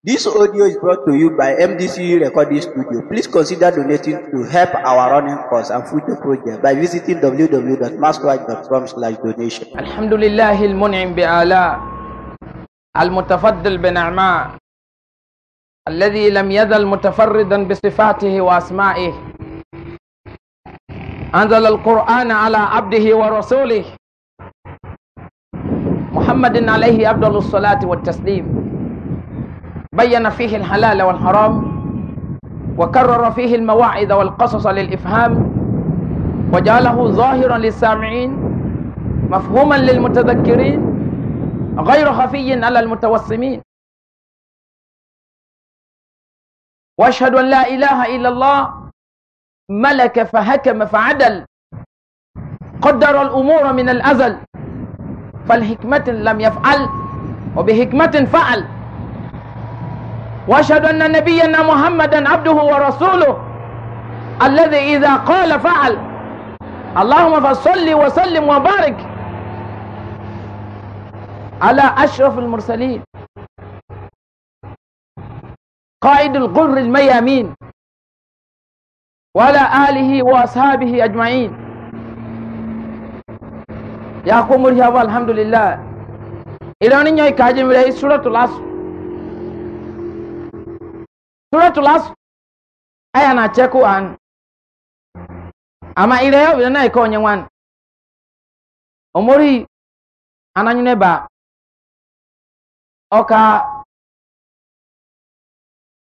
This audio is brought to you by MDCU Recording Studio. Please consider donating to help our running costs and future project by visiting www.maskwatch.com slash donation. الحمد لله المنعم بآلاء المتفضل بنعماء الذي لم يزل متفردا بصفاته وأسمائه أنزل القرآن على عبده ورسوله محمد عليه أفضل الصلاة والتسليم بين فيه الحلال والحرام وكرر فيه المواعظ والقصص للإفهام وجعله ظاهرا للسامعين مفهوما للمتذكرين غير خفي على المتوسمين واشهد ان لا اله الا الله ملك فحكم فعدل قدر الامور من الازل فالحكمه لم يفعل وبحكمه فعل واشهد ان نبينا محمدا عبده ورسوله الذي اذا قال فعل اللهم فصل وسلم وبارك على اشرف المرسلين قائد القر الميامين وعلى اله واصحابه اجمعين يا قوم الحمد لله إلى أن يكاجم سورة العصر suratul as aya na cheku an ama ile yo bidana iko onye nwan omori ananyune ba oka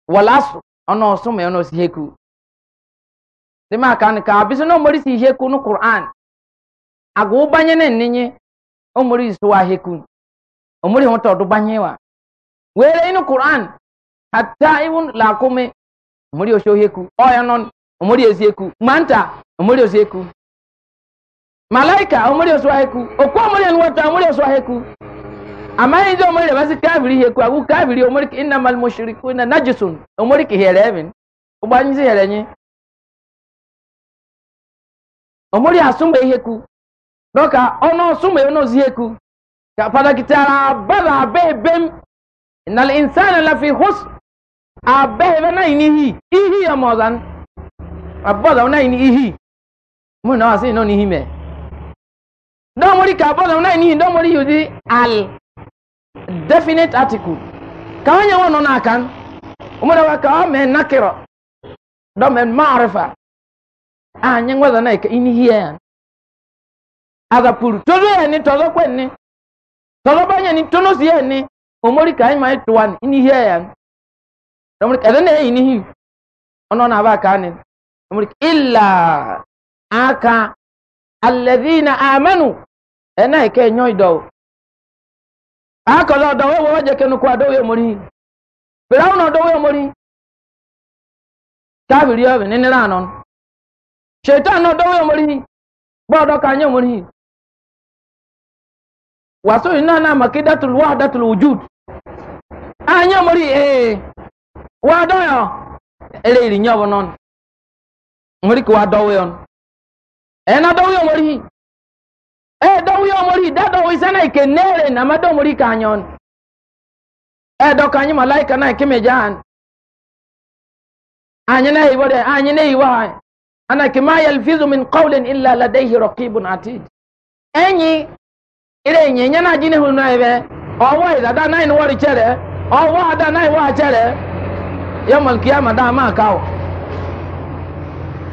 walas ono sume ono siheku dima kan ka bisu no omori siheku no qur'an agu banye ne ninyi omori suwa heku omori hoto do banye wa were inu qur'an hatta ibun lakume omori oshoheku oya non omori ezieku manta omori ozieku malaika omori oswaheku okwa omori enwata omori oswaheku amayi nje omori basi kaviri heku agu kaviri omori inna mal mushrikuna najisun omori ki hereven ogbanyizi herenye omori asumbe iheku doka ono sumbe ono zieku ka padakitara bada bebem innal insana lafi husn abẹ́hẹ̀bẹ́ náà ní hì ihi ọmọ ọ̀zán na náà ní ihi mú náà ihe sí iná ní hìmẹ̀ dọ́mọ̀rí ka na náà ní hì di al definite article kàwọn yẹn wọn nọ náà kan ọmọdé kàwọn mẹ a azapuru ya ni tozo ni ni ya ni omori ka ya. ɛmuri ɛdɛ na eyi nihi ɔno na aba kaa ne ɛmuri ịla aka na amenụ ɛna eke enyo idɔw akɔlɔ ɔdɔwɛ wɔ ɔdze kenu kɔ adɔwɛ mori firawo na ɔdɔwɛ mori káfíìrì ɔbɛ nínira ànɔ anọ na ɔdɔwɛ mori bɔɔdɔ kanyɛ mori wàásù yìí náà náà màkì dátùlù omori ee. wa dɔyɔ eleiri nyɔbɔ nɔn ŋmɔri ko wa dɔwɔ yɔn na dɔwɔ yɔ mɔri ɛ dɔwɔ yɔ mɔri da dɔwɔ isɛnɛ ike neere nama dɔwɔ mɔri ka nyɔn ɛ dɔ ka nyi malayi kana ike me jahan anyi na yi wɔdɛ anyi na yi wɔha ana kima yalfizu min qawlin illa ladayhi raqibun atid Enyi ire nyi nyana jini na yi bɛ ɔwɔ yi dada na yi ni wɔri kyerɛ ɔwɔ ada na yi wɔha kyerɛ. yọmọ kìyàmà dá máa ká ọ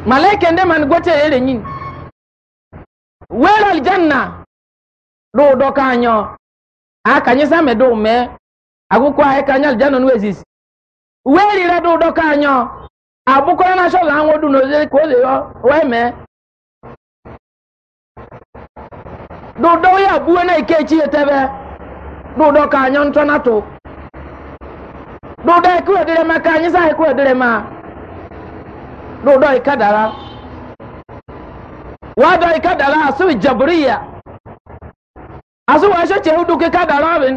màlẹ́kẹ̀ ndé màá gbọ́tẹ̀ èrè yín wẹ́rẹ́ alìjánà lóòdọ́ kányọ àkànyé sàmẹ̀dọ́ mẹ́ àkókò àyẹ̀kányé alìjánà ní wẹ́sìs wẹ́rẹ́ rẹ̀ lóòdọ́ kányọ àbúkọ́ náà sọ̀rọ̀ àwọn ọdún lọ́sẹ̀ kó lè yọ do lóòdọ́ yà búwẹ́ náà kéèkì yẹ tẹ́fẹ́ lóòdọ́ kányọ ntọ́nà tó. dodo ekwedịrịma ka anyị zaa ekwedịrịma dodo ikadara wado ikadara asụ ijabriya asụ wee sheche uduki kadara ọrin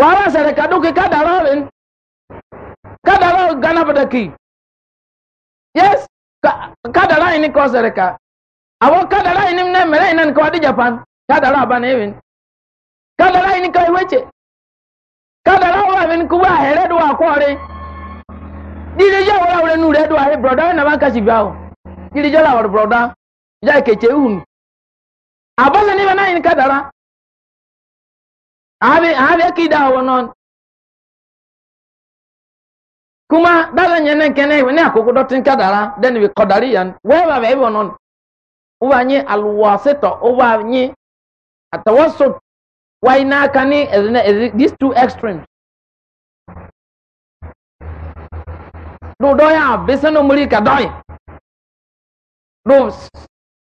wara sere ka duki kadara ọrin kadara gana badaki yes kadara ini ka sere ka awọ kadara ini m na-emere ina nke ọ dị japan kadara abanewin kadara ini ka iweche kadara wa min kuba here do akore dirija wala wala nu redo ahe broda na maka sibao dirija la wala broda ja keche un abala ni bana in kadara abi abi kida wonon kuma dala nyene kene ne akoko dotin kadara den we kodari yan we ba be wonon uba nyi alwasita uba nyi atawassut why can na kani these two extremes no do no besano mulika doy do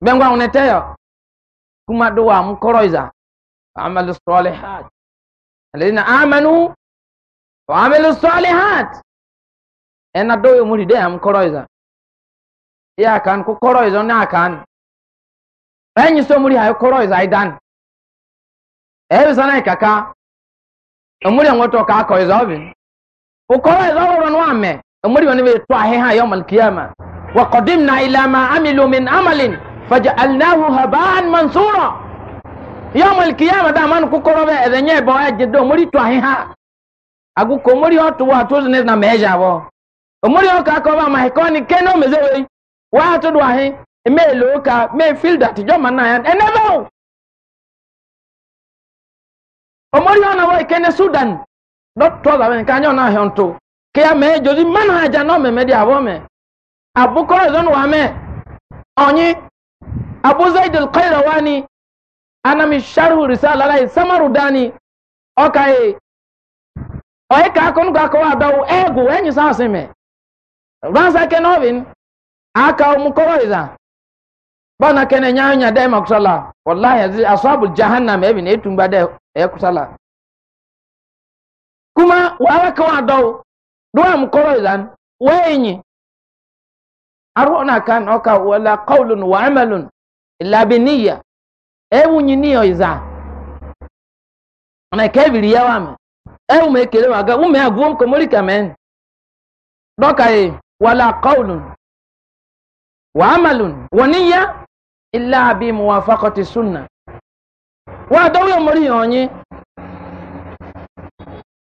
bengwa uneteyo kuma do wa mkoroiza amalu salihat alladhina amanu wa amalu salihat ena doyo muri de mkoroiza ya kan ku koroizo na kan enyi so muri hayo koroiza aidan ebe sana kaka omuri nwoto ka ko izobi ukora izoro no ame omuri woni be to ahe ha yawmal qiyama wa qadimna ila ma amilu min amalin faj'alnahu haba'an mansura yawmal qiyama da man ku koro be edenye bo aje do omuri to ahe ha agu ko omuri otu wa to zine na meja bo omuri o ka ko ba ma ko ni keno mezewe wa to do ahe me lo ka me feel that jo man na yan enebe omori ona wa ikene sudan dɔtɔ la bɛn kanyɔ na hɛn to kia mɛ jodi mana aja na ɔmɛ mɛ di abɔ mɛ abukɔ ɛzɔn wa mɛ ɔnyi abuzayid alqaira wani anami sharhu risala lai samaru dani ɔka ye ɔye ka akɔnu ka akɔ adawu ɛgu ɛnyi saasi mɛ ransa kɛnɛ ɔbin aka ɔmu kɔrɔ iza bɔna kɛnɛ nyaanya dɛ makusala walahi asɔabu jahannam ɛbi na etumba dɛ ekusala kuma wala kawa dau duwa mukoro idan wenyi arona kan oka wala qawlun wa amalun illa bi niyya ewu nyi niyo iza na kebiri yawa me ewu me kele waga ume agwom komori kamen doka e wala qawlun wa amalun wa niyya illa bi muwafaqati sunnah wa dawo ya muri yonyi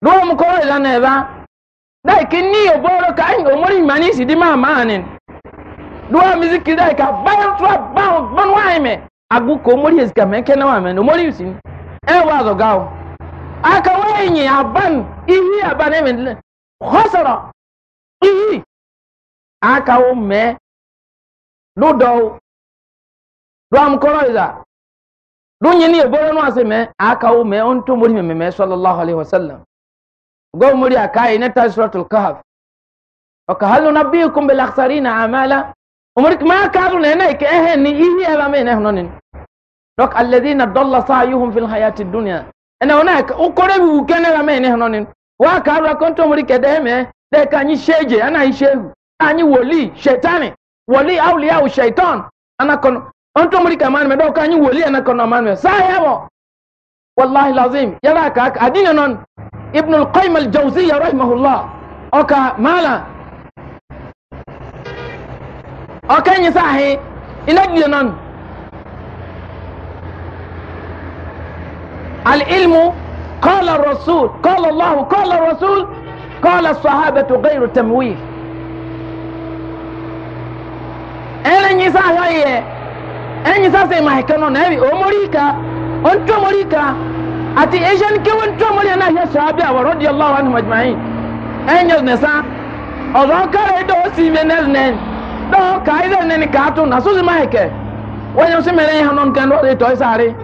do mu ko la ne ba dai kin ni ka ai o muri mani si di ma ma mi ka bayan ban ban wa ko na wa me no muri usin e wa zo gawo aka wa yin aban ihi aban e me khosara ihi aka o dunyi ni ebola no ase me aka wo me onto muri me me sallallahu alaihi wasallam go muri aka ina ta suratul kahf oka halu nabiyukum bil akhsarina amala umrik ma kadu ne ne ke ehe ni ihi eba me ne hono ni dok alladhina dalla sa'yuhum fil hayati dunya ena ona ka ukore bi ukene ba me ne hono ni wa ka ra konto muri ke de me de ka nyi sheje ana ishehu anyi woli shetani woli awliya u shaitan ana kono أنتم مريكا مان مدو كان يولي أنا كنا مان سايمو والله العظيم يراك أدينا ابن القيم الجوزية رحمه الله أوكا مالا أوكا يساهي إلا دينا العلم قال الرسول قال الله قال الرسول قال الصحابة غير تمويل إلا يساهي ɛnyi sase ma heke no na ɛbi omori ka ontu omori ka ati asian kewu ontu omori na ahia sahabi a wɔrɔ di allah anhu adwumayi ɛnyɛ ne sa ɔzɔ kare dɔ osi mi ne ne dɔ ka ayi ne ne ka ato na sosi ma heke wɔnyɛ so mɛrɛ yɛn hɔnom kan dɔ tɔ isaare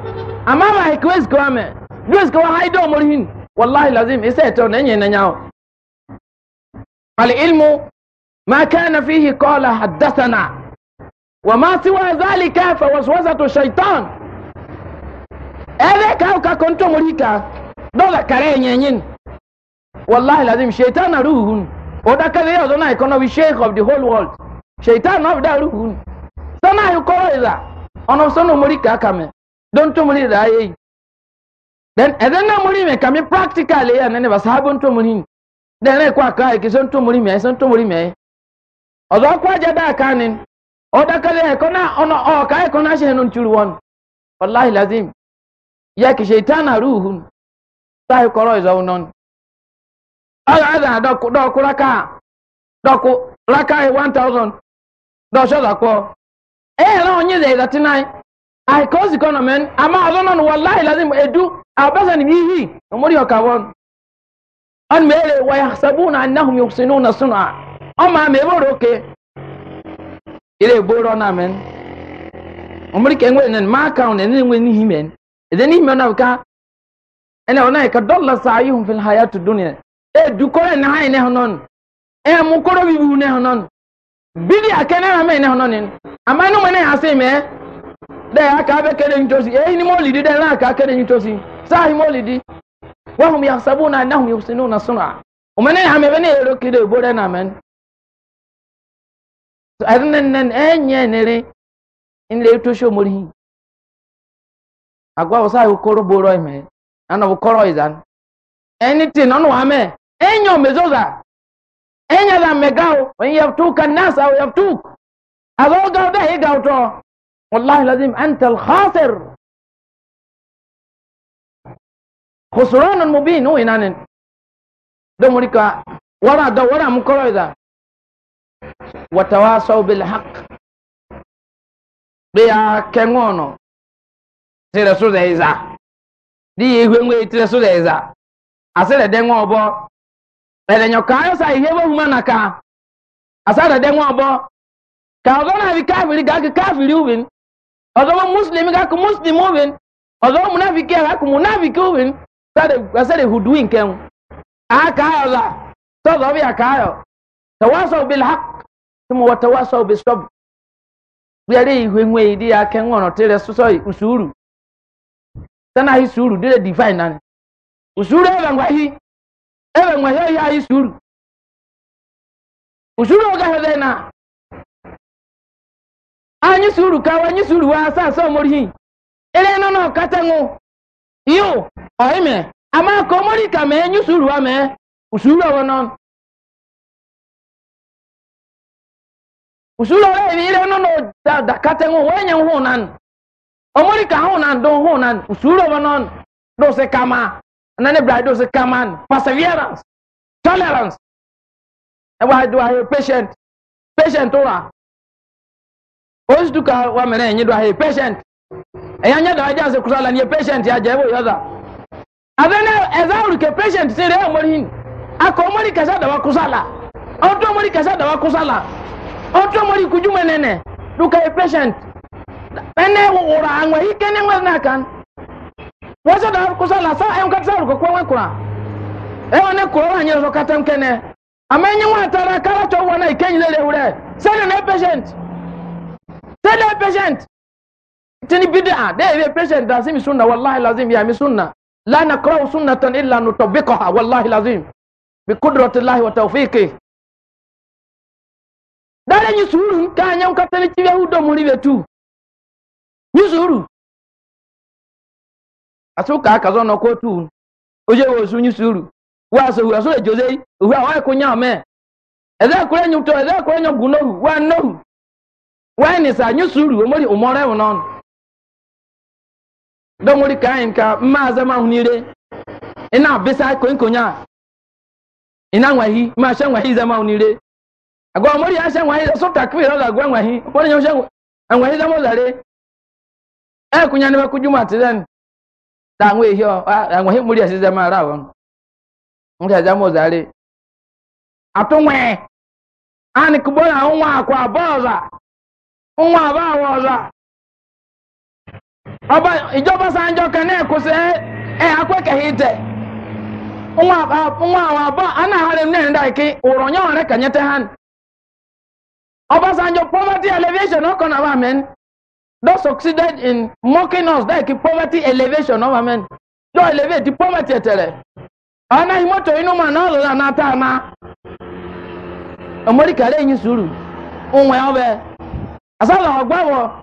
ama ma heke wo esikawa mɛ do esikawa ha dɔ omori hin wallahi lazim ese ɛtɔ na ɛnyɛ ne o ali ilmu ma kana fihi kɔla hadasana. وما سوى ذلك فوسوسة الشيطان أذيك كاوكا كنت مريكا دولا كرين ينين والله لازم شيطان روحون وذاك اللي يظن يكون هو الشيخ of the whole world شيطان of that روحون سنا يقول إذا أنا سنا مريكا كم don't مري رأي then إذا نا مري مي كم practically أنا نبى تمرين then أنا إيه كوا كيسون تمرين مي سون تمرين مي أذا كوا جدا كانين ọdakale kona ono o kai kona she nun churu wọn wallahi lazim ya ki shaytana ruhun sai koro izo non ala ala do ku do kuraka do ku raka 1000 e do sho da ko eh onye ze da i cause economy ama nọ non wallahi lazim edu ni ile eboro na men omri ke ngwe nen ma ka on nen ngwe ni himen ede ni himen na ka ene ona ka dolla sa'ihum fil hayatu dunya e du ko ne hay ne honon e mu ko ro bibu ne honon bidi akene na me ne honon en ama no mene ase me de aka be kede ntosi e ni molidi de na aka kede ntosi sahi molidi wa hum yahsabuna annahum yusinuna sun'a umene ha me bene ero kide eboro na men arinan nan enye nere in le to mori agwa osa ko koro boro eh, me ana bo koro izan anything ono ame enyo eh, mezoza enya eh, la megao when you have took an nas you have took ago da he wallahi lazim anta al khasir mubin oh, wara wara izan watawasaw bilhaq bia kɛŋɔɔnɔ tirɛ so dɛ iza di yɛ ihwɛŋwɛ tirɛ so dɛ iza ase dɛ dɛŋɔ ɔbɔ ɛdɛ nyɔ kaa yɔ sa ihwɛ bɔ huma na kaa asa dɛ dɛŋɔ ɔbɔ ka ɔzɔ na bi kaafiri gaaki kaafiri ubin ɔzɔ bɔ muslim gaaki muslim ubin ɔzɔ bɔ munafiki gaaki munafiki ubin asa dɛ huduin kɛŋ aa kaa yɔ la tɔzɔ bi a kaa yɔ tawasaw bilhaq mu watawasa obisabr yare ihwe nwe idi ya ke ngono dị suso usuru tana hi suru dire divine nan usuru ebe ngwa hi ebe ngwa hi ya hi suru usuru oga hebe ka anyi suru wa sa so mori hi ere no no katengu yo oime ama usulu wa ni ile nono da da kate ngo wenye ho nan omori ka ho nan don ho nan usulu wa non do se kama nane bra do se kama perseverance tolerance e wa do ahe patient patient ora ozi duka wa mene enye do ahe patient e ya nya da e, aja se kusala ni patient ya jebo yoda adana ezaru ke patient se re omori hin akomori kasa da wa kusala odo omori kasa da wa kusala otu mori kujuma nene duka e patient ene wura anwe ike ne nwa na kan wasa da ko sa la sa e nka sa ko ko wa kura e wona ko wa nyere so katam kene amenye wa tara kala to wona le wure se ne patient se ne patient tini bid'a da e patient da simi sunna wallahi lazim ya mi sunna la nakrahu sunnatan illa nutabiqaha wallahi lazim bi qudratillahi wa tawfiqihi dare nyusuru kanya mkatoliki bya hudo muri betu nyusuru asuka akazo no kotu oje wosu nyusuru waso hu aso jose hu awa kunya me eze kure nyuto eze kure nyogunoru wa noru wa ni sa nyusuru omori umore wonon do muri kain ka maza ma hunire ina bisa ko nkonya ina ngwahi ma sha ngwahi zama hunire agwa omori ya shan wahi so takfir la gwa wahi omori ya shan an wahi da mozare e kunya ne ba kujuma tidan da nwe hi o an wahi muri asi zama rawon nta da mozare atunwe an kubola nwa akwa boza nwa ba woza ọba e sanjọ kan náà kò sí ẹ akwẹkẹhìntẹ ka Obasanjo poverty elevation no kon our men. Don succeeded in mocking us like poverty elevation of men. Don elevate the poverty etere. Ana imoto inu ma na lola na ta na. Omori kare yin suru. Onwe obe. Asala ogbawo.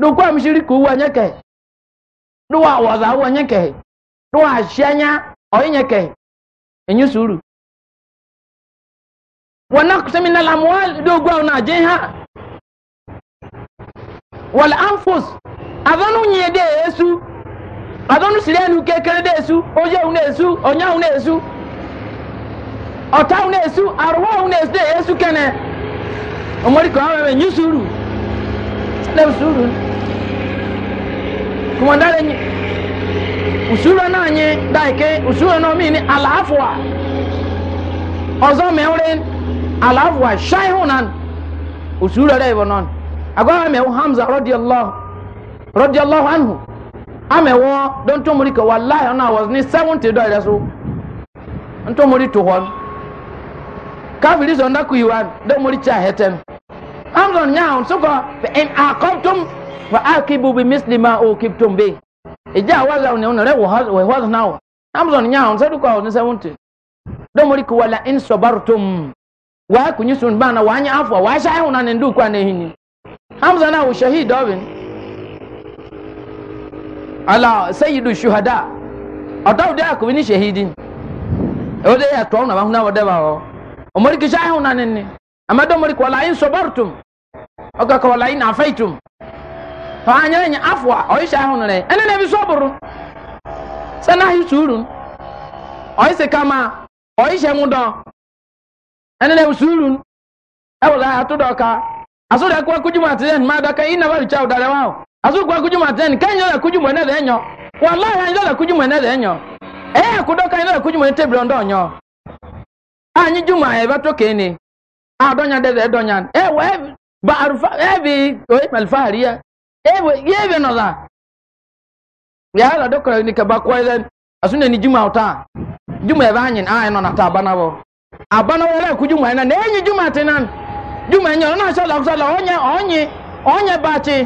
Do kwa mshiri ku wa nyeke. Do wa waza wa nyeke. Do wa shenya o nyeke. Enyu suru. ونقسم من الأموال دوغو ناجيها والأنفس أظنوا نيدي يسو أظنوا سليانو كيكري دي يسو أجاو نيسو أنياو نيسو أتاو نيسو أرواو نيسو دي يسو كان أمري كوامي من يسورو سلام سورو كماندار daike alafu wa shaihunan usura da ibonon agwa me hamza radiyallahu radiyallahu anhu ame wo don to muri ka wallahi ona was ni 70 do rasu so. to muri to hon kafiri so nda kuiwa do muri cha heten hamza nya on so ko in aqamtum wa aqibu bi misli ma uqibtum bi ija waza ne on re wa was now hamza nya on so ko ni 70 do muri ko wala in sabartum waa kunyi sun bana waa nye afọ waa hyɛ ahụ na ne ndu kwa na ehini hamza na wò shahid ọbin ala sayidu shuhada ọtọ ụdị akụbi ni shahidi ọ dị ya tọọ na ahụ na ọ dịba ọ ọmọdé kìhyɛ ahụ na ne nne amadu ọmọdé kọ ọla ayi nsọbọrọtum ọkọ kọ ọla ayi n'afaitum ọ anya nye afọ a ọyị hyɛ ahụ na ne ɛnna na ebi sọ bụrụ sɛ na ahụ suuru ọyị sị kama ọyị hyɛ nwụ ɛne na usulun ɛwɔ la ato dɔ ka aso da kuwa kujuma atene ma da ka ina bali cha udare wao aso kuwa kujumu atene ka nyo la kujumu ene de nyo wallahi nyo la kujumu ene de nyo eh kudoka nyo la kujumu ene tebro ndo nyo anyi juma e bato kene adonya de de donya eh we ba arufa eh bi we malfaria eh we ye be no la ya la dokra ni ka bakwa ile asune ni juma uta juma e banyin ayi ah, no na tabana bo abana wala ku juma na nenyi juma tenan juma nyo na sala sala onya onyi onya bachi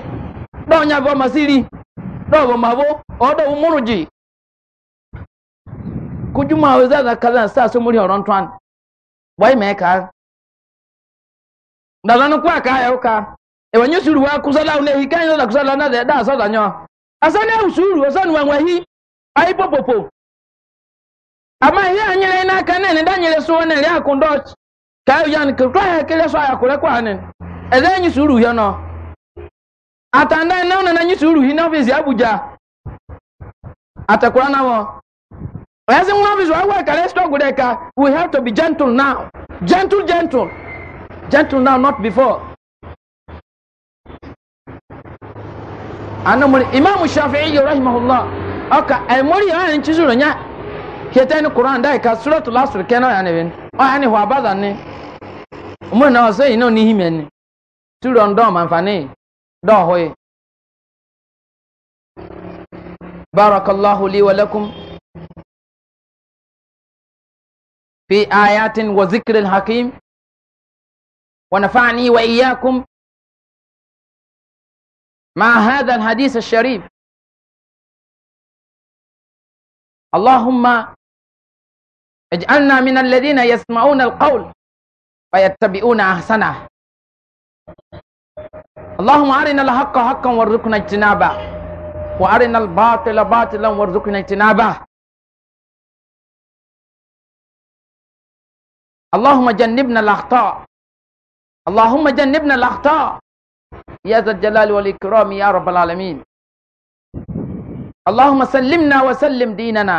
do nya go masiri do go mabo odo umuruji ku juma weza da kaza sa so muri horon twan wai me ka da zanu kwa ka ya uka e wanyu suru wa kusala une hikanyo da kusala na da sa da nyo asane usuru asane wanwahi ai popopo ama ihe anyere n'aka na ne danyere so na ri akondo ka ya ni kwa ya kele so ya kore kwa ne eze nyi suru hye no atanda na na nyi suru hi na office abuja atakwa na mo ezi nwa office wa wa kale sto gude ka we have to be gentle now gentle gentle gentle now not before anamuri imam shafi'i rahimahullah aka ay muri ya nchi zuru nya كيتاني قران داي كا سورة الاصل كانو يعني بين يعني هو بعض اني ومو انا وزي انو نيهي مني تولون دو منفاني دو هوي بارك الله لي ولكم في آيات وذكر الحكيم ونفعني وإياكم مع هذا الحديث الشريف اللهم اجعلنا من الذين يسمعون القول فيتبعون احسنه اللهم ارنا الحق حقا وارزقنا اجتنابه وارنا الباطل باطلا وارزقنا اجتنابه اللهم جنبنا الاخطاء اللهم جنبنا الاخطاء يا ذا الجلال والاكرام يا رب العالمين اللهم سلمنا وسلم ديننا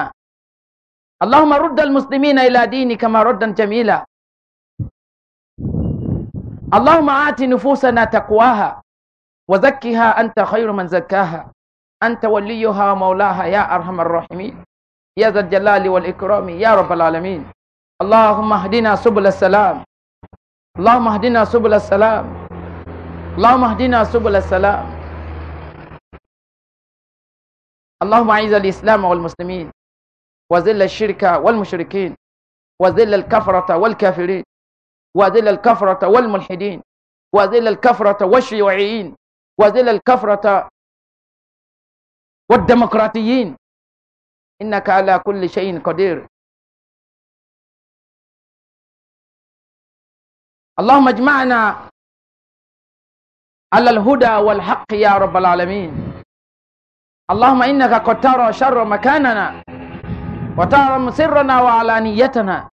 اللهم رد المسلمين إلى دينك مردا جميلا اللهم آت نفوسنا تقواها وزكها أنت خير من زكاها أنت وليها ومولاها يا أرحم الراحمين يا ذا الجلال والإكرام يا رب العالمين اللهم اهدنا سبل السلام اللهم اهدنا سبل السلام اللهم اهدنا سبل السلام اللهم اعز الإسلام والمسلمين وذل الشرك والمشركين وذل الكفرة والكافرين وذل الكفرة والملحدين وذل الكفرة والشيوعيين وذل الكفرة والديمقراطيين إنك على كل شيء قدير اللهم اجمعنا على الهدى والحق يا رب العالمين اللهم إنك قد ترى شر مكاننا وتعلم سرنا وعلانيتنا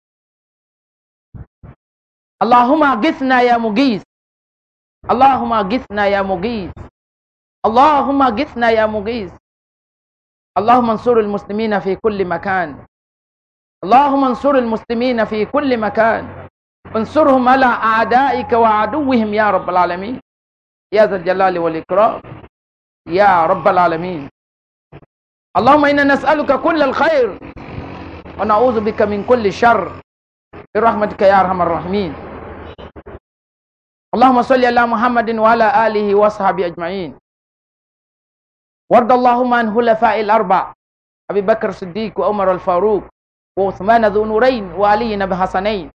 اللهم اغثنا يا مغيث اللهم اغثنا يا مغيث اللهم اغثنا يا مغيث اللهم انصر المسلمين في كل مكان اللهم انصر المسلمين في كل مكان انصرهم على اعدائك وعدوهم يا رب العالمين يا ذا الجلال والاكرام يا رب العالمين اللهم انا نسالك كل الخير ونعوذ بك من كل شر برحمتك يا أرحم الراحمين اللهم صل على محمد وعلى آله وصحبه أجمعين وارض اللهم عن خلفاء الأربع أبي بكر الصديق وعمر الفاروق وعثمان ذو نورين وعلي بن حسنين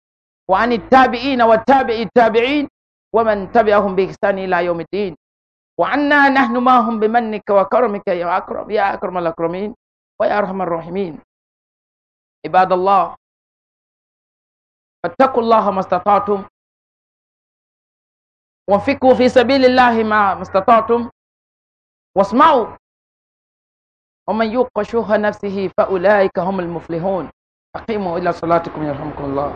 وعن التابعين والتابع التابعين ومن تبعهم بإحسان إلى يوم الدين وعنا نحن معهم بمنك وكرمك يا أكرم يا أكرم الأكرمين ويا أرحم الراحمين عباد الله فاتقوا الله ما استطعتم وفقوا في سبيل الله ما استطعتم واسمعوا ومن يوق شوه نفسه فأولئك هم المفلحون أقيموا إلى صلاتكم يرحمكم الله